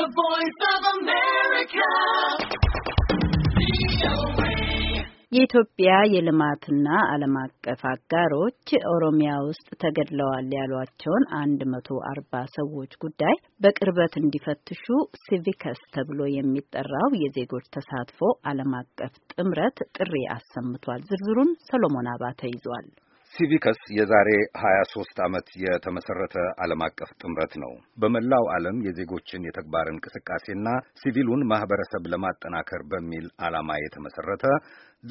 The Voice of America. የኢትዮጵያ የልማትና ዓለም አቀፍ አጋሮች ኦሮሚያ ውስጥ ተገድለዋል ያሏቸውን አንድ መቶ አርባ ሰዎች ጉዳይ በቅርበት እንዲፈትሹ ሲቪከስ ተብሎ የሚጠራው የዜጎች ተሳትፎ ዓለም አቀፍ ጥምረት ጥሪ አሰምቷል። ዝርዝሩን ሰሎሞን አባተ ይዟል። ሲቪከስ የዛሬ 23 ዓመት የተመሰረተ ዓለም አቀፍ ጥምረት ነው። በመላው ዓለም የዜጎችን የተግባር እንቅስቃሴና ሲቪሉን ማህበረሰብ ለማጠናከር በሚል ዓላማ የተመሰረተ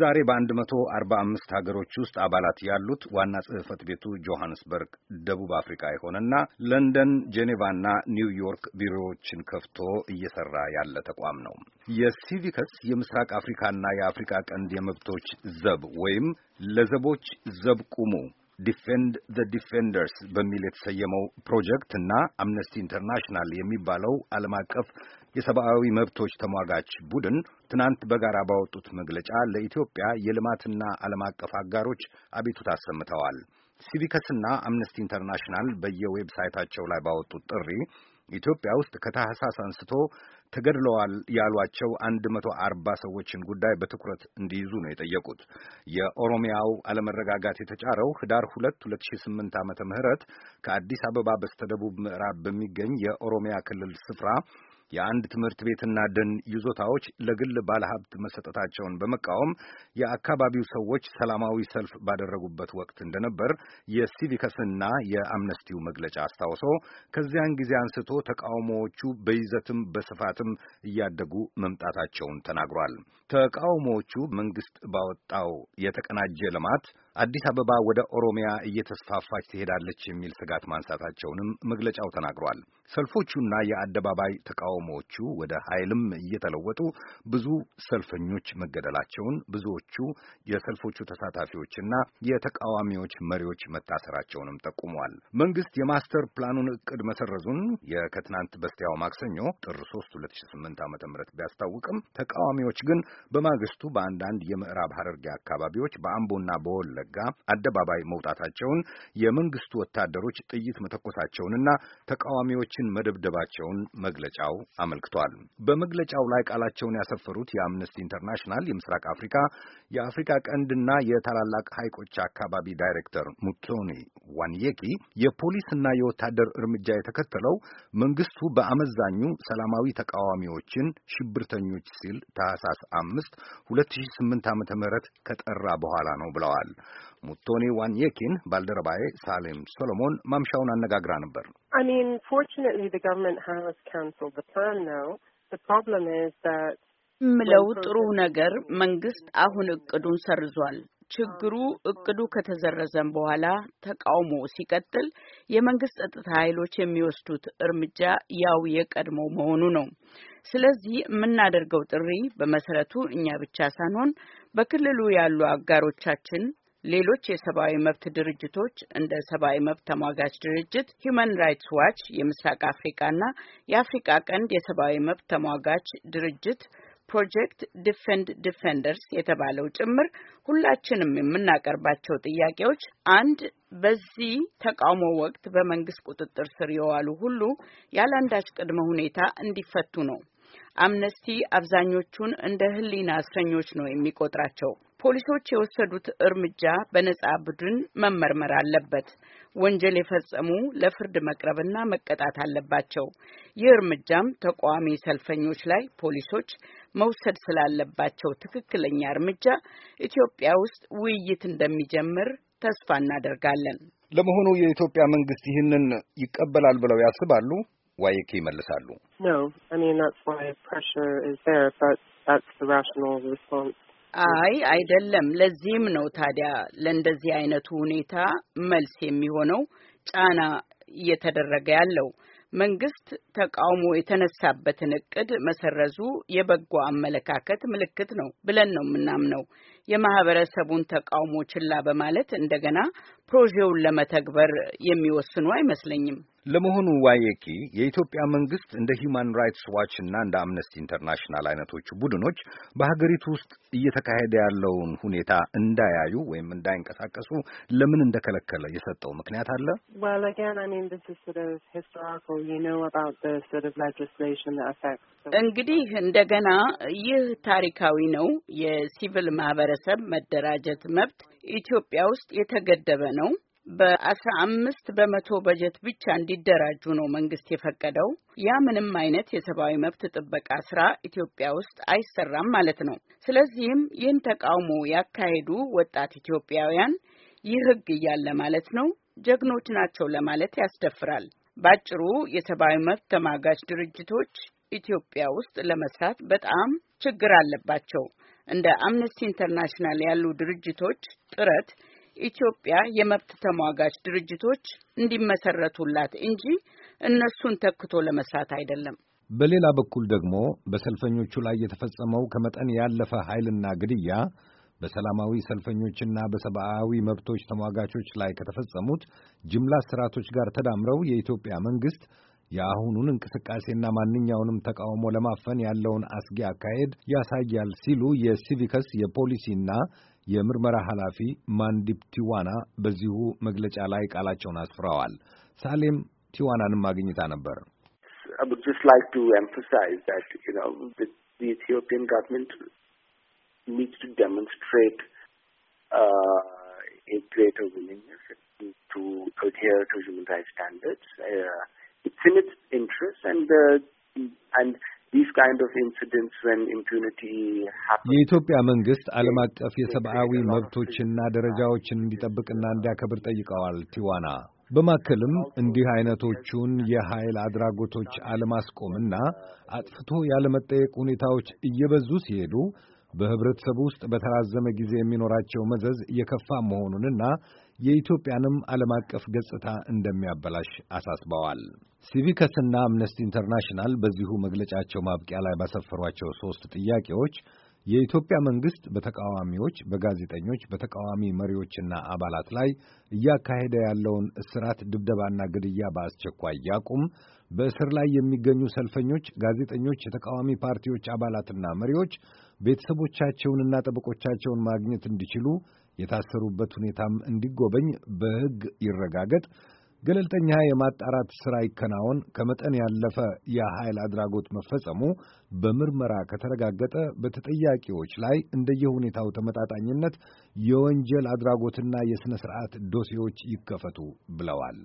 ዛሬ በ145 ሀገሮች ውስጥ አባላት ያሉት ዋና ጽህፈት ቤቱ ጆሐንስበርግ ደቡብ አፍሪካ የሆነና ለንደን፣ ጄኔቫና ኒውዮርክ ቢሮዎችን ከፍቶ እየሰራ ያለ ተቋም ነው። የሲቪከስ የምስራቅ አፍሪካና የአፍሪካ ቀንድ የመብቶች ዘብ ወይም ለዘቦች ዘብ ቁሙ ዲፌንድ ዘ ዲፌንደርስ በሚል የተሰየመው ፕሮጀክት እና አምነስቲ ኢንተርናሽናል የሚባለው ዓለም አቀፍ የሰብአዊ መብቶች ተሟጋች ቡድን ትናንት በጋራ ባወጡት መግለጫ ለኢትዮጵያ የልማትና ዓለም አቀፍ አጋሮች አቤቱታ አሰምተዋል። ሲቪከስና አምነስቲ ኢንተርናሽናል በየዌብሳይታቸው ላይ ባወጡት ጥሪ ኢትዮጵያ ውስጥ ከታህሳስ አንስቶ ተገድለዋል ያሏቸው 140 ሰዎችን ጉዳይ በትኩረት እንዲይዙ ነው የጠየቁት። የኦሮሚያው አለመረጋጋት የተጫረው ህዳር 2 2008 ዓመተ ከአዲስ አበባ በስተደቡብ ምዕራብ በሚገኝ የኦሮሚያ ክልል ስፍራ የአንድ ትምህርት ቤትና ደን ይዞታዎች ለግል ባለሀብት መሰጠታቸውን በመቃወም የአካባቢው ሰዎች ሰላማዊ ሰልፍ ባደረጉበት ወቅት እንደነበር የሲቪከስና የአምነስቲው መግለጫ አስታውሶ ከዚያን ጊዜ አንስቶ ተቃውሞዎቹ በይዘትም በስፋትም እያደጉ መምጣታቸውን ተናግሯል። ተቃውሞዎቹ መንግስት ባወጣው የተቀናጀ ልማት አዲስ አበባ ወደ ኦሮሚያ እየተስፋፋች ትሄዳለች የሚል ስጋት ማንሳታቸውንም መግለጫው ተናግሯል። ሰልፎቹና የአደባባይ ተቃውሞዎቹ ወደ ኃይልም እየተለወጡ ብዙ ሰልፈኞች መገደላቸውን፣ ብዙዎቹ የሰልፎቹ ተሳታፊዎችና የተቃዋሚዎች መሪዎች መታሰራቸውንም ጠቁመዋል። መንግስት የማስተር ፕላኑን እቅድ መሰረዙን የከትናንት በስቲያው ማክሰኞ ጥር 3 2008 ዓ ም ቢያስታውቅም ተቃዋሚዎች ግን በማግስቱ በአንዳንድ የምዕራብ ሀረርጌ አካባቢዎች በአምቦና በወለ ሲዘጋ አደባባይ መውጣታቸውን፣ የመንግስቱ ወታደሮች ጥይት መተኮሳቸውንና ተቃዋሚዎችን መደብደባቸውን መግለጫው አመልክቷል። በመግለጫው ላይ ቃላቸውን ያሰፈሩት የአምነስቲ ኢንተርናሽናል የምስራቅ አፍሪካ የአፍሪካ ቀንድና የታላላቅ ሐይቆች አካባቢ ዳይሬክተር ሙቶኒ ዋንየኪ የፖሊስና የወታደር እርምጃ የተከተለው መንግስቱ በአመዛኙ ሰላማዊ ተቃዋሚዎችን ሽብርተኞች ሲል ታህሳስ አምስት 2008 ዓ.ም ከጠራ በኋላ ነው ብለዋል። ሙቶኒ ዋንየኪን ባልደረባዬ ሳሌም ሰሎሞን ማምሻውን አነጋግራ ነበር። ምለው ጥሩ ነገር መንግስት አሁን እቅዱን ሰርዟል። ችግሩ ah. እቅዱ ከተዘረዘም በኋላ ተቃውሞ ሲቀጥል የመንግስት ጸጥታ ኃይሎች የሚወስዱት እርምጃ ያው የቀድሞ መሆኑ ነው። ስለዚህ የምናደርገው ጥሪ በመሰረቱ እኛ ብቻ ሳንሆን በክልሉ ያሉ አጋሮቻችን ሌሎች የሰብአዊ መብት ድርጅቶች እንደ ሰብአዊ መብት ተሟጋች ድርጅት ሂዩማን ራይትስ ዋች፣ የምስራቅ አፍሪቃና የአፍሪቃ ቀንድ የሰብአዊ መብት ተሟጋች ድርጅት ፕሮጀክት ዲፌንድ ዲፌንደርስ የተባለው ጭምር ሁላችንም የምናቀርባቸው ጥያቄዎች አንድ በዚህ ተቃውሞ ወቅት በመንግስት ቁጥጥር ስር የዋሉ ሁሉ ያለአንዳች ቅድመ ሁኔታ እንዲፈቱ ነው። አምነስቲ አብዛኞቹን እንደ ሕሊና እስረኞች ነው የሚቆጥራቸው። ፖሊሶች የወሰዱት እርምጃ በነጻ ቡድን መመርመር አለበት። ወንጀል የፈጸሙ ለፍርድ መቅረብና መቀጣት አለባቸው። ይህ እርምጃም ተቃዋሚ ሰልፈኞች ላይ ፖሊሶች መውሰድ ስላለባቸው ትክክለኛ እርምጃ ኢትዮጵያ ውስጥ ውይይት እንደሚጀምር ተስፋ እናደርጋለን። ለመሆኑ የኢትዮጵያ መንግስት ይህንን ይቀበላል ብለው ያስባሉ? ዋይኬ ይመልሳሉ። No, I mean that's why pressure is there, but that's the rational response. አይ አይደለም። ለዚህም ነው ታዲያ ለእንደዚህ አይነቱ ሁኔታ መልስ የሚሆነው ጫና እየተደረገ ያለው መንግስት ተቃውሞ የተነሳበትን እቅድ መሰረዙ የበጎ አመለካከት ምልክት ነው ብለን ነው የምናምነው። የማህበረሰቡን ተቃውሞ ችላ በማለት እንደገና ፕሮጀውን ለመተግበር የሚወስኑ አይመስለኝም። ለመሆኑ ዋየኪ የኢትዮጵያ መንግስት እንደ ሂዩማን ራይትስ ዋች እና እንደ አምነስቲ ኢንተርናሽናል አይነቶቹ ቡድኖች በሀገሪቱ ውስጥ እየተካሄደ ያለውን ሁኔታ እንዳያዩ ወይም እንዳይንቀሳቀሱ ለምን እንደከለከለ የሰጠው ምክንያት አለ? እንግዲህ እንደገና ይህ ታሪካዊ ነው። የሲቪል ማህበረሰብ መደራጀት መብት ኢትዮጵያ ውስጥ የተገደበ ነው። በአስራ አምስት በመቶ በጀት ብቻ እንዲደራጁ ነው መንግስት የፈቀደው። ያ ምንም አይነት የሰብአዊ መብት ጥበቃ ስራ ኢትዮጵያ ውስጥ አይሰራም ማለት ነው። ስለዚህም ይህን ተቃውሞ ያካሄዱ ወጣት ኢትዮጵያውያን ይህ ህግ እያለ ማለት ነው ጀግኖች ናቸው ለማለት ያስደፍራል። ባጭሩ የሰብአዊ መብት ተማጋጅ ድርጅቶች ኢትዮጵያ ውስጥ ለመስራት በጣም ችግር አለባቸው። እንደ አምነስቲ ኢንተርናሽናል ያሉ ድርጅቶች ጥረት ኢትዮጵያ የመብት ተሟጋች ድርጅቶች እንዲመሰረቱላት እንጂ እነሱን ተክቶ ለመስራት አይደለም። በሌላ በኩል ደግሞ በሰልፈኞቹ ላይ የተፈጸመው ከመጠን ያለፈ ኃይልና ግድያ በሰላማዊ ሰልፈኞችና በሰብአዊ መብቶች ተሟጋቾች ላይ ከተፈጸሙት ጅምላ ስርዓቶች ጋር ተዳምረው የኢትዮጵያ መንግስት የአሁኑን እንቅስቃሴና ማንኛውንም ተቃውሞ ለማፈን ያለውን አስጊ አካሄድ ያሳያል ሲሉ የሲቪከስ የፖሊሲና የምርመራ ኃላፊ ማንዲፕ ቲዋና በዚሁ መግለጫ ላይ ቃላቸውን አስፍረዋል። ሳሌም ቲዋናንም ማግኝታ ነበር። የኢትዮጵያ መንግስት ዓለም አቀፍ የሰብአዊ መብቶችና ደረጃዎችን እንዲጠብቅና uh, እንዲያከብር ጠይቀዋል ቲዋና በማከልም እንዲህ አይነቶቹን የኃይል አድራጎቶች አለማስቆምና uh, አጥፍቶ ያለመጠየቅ ሁኔታዎች እየበዙ ሲሄዱ በህብረተሰቡ ውስጥ በተራዘመ ጊዜ የሚኖራቸው መዘዝ የከፋ መሆኑንና የኢትዮጵያንም ዓለም አቀፍ ገጽታ እንደሚያበላሽ አሳስበዋል። ሲቪከስና አምነስቲ ኢንተርናሽናል በዚሁ መግለጫቸው ማብቂያ ላይ ባሰፈሯቸው ሦስት ጥያቄዎች የኢትዮጵያ መንግሥት በተቃዋሚዎች፣ በጋዜጠኞች፣ በተቃዋሚ መሪዎችና አባላት ላይ እያካሄደ ያለውን እስራት፣ ድብደባና ግድያ በአስቸኳይ ያቁም፣ በእስር ላይ የሚገኙ ሰልፈኞች፣ ጋዜጠኞች፣ የተቃዋሚ ፓርቲዎች አባላትና መሪዎች ቤተሰቦቻቸውንና ጠበቆቻቸውን ማግኘት እንዲችሉ የታሰሩበት ሁኔታም እንዲጎበኝ በሕግ ይረጋገጥ፣ ገለልተኛ የማጣራት ሥራ ይከናወን፣ ከመጠን ያለፈ የኃይል አድራጎት መፈጸሙ በምርመራ ከተረጋገጠ በተጠያቂዎች ላይ እንደየሁኔታው ተመጣጣኝነት የወንጀል አድራጎትና የሥነ ሥርዓት ዶሴዎች ይከፈቱ ብለዋል።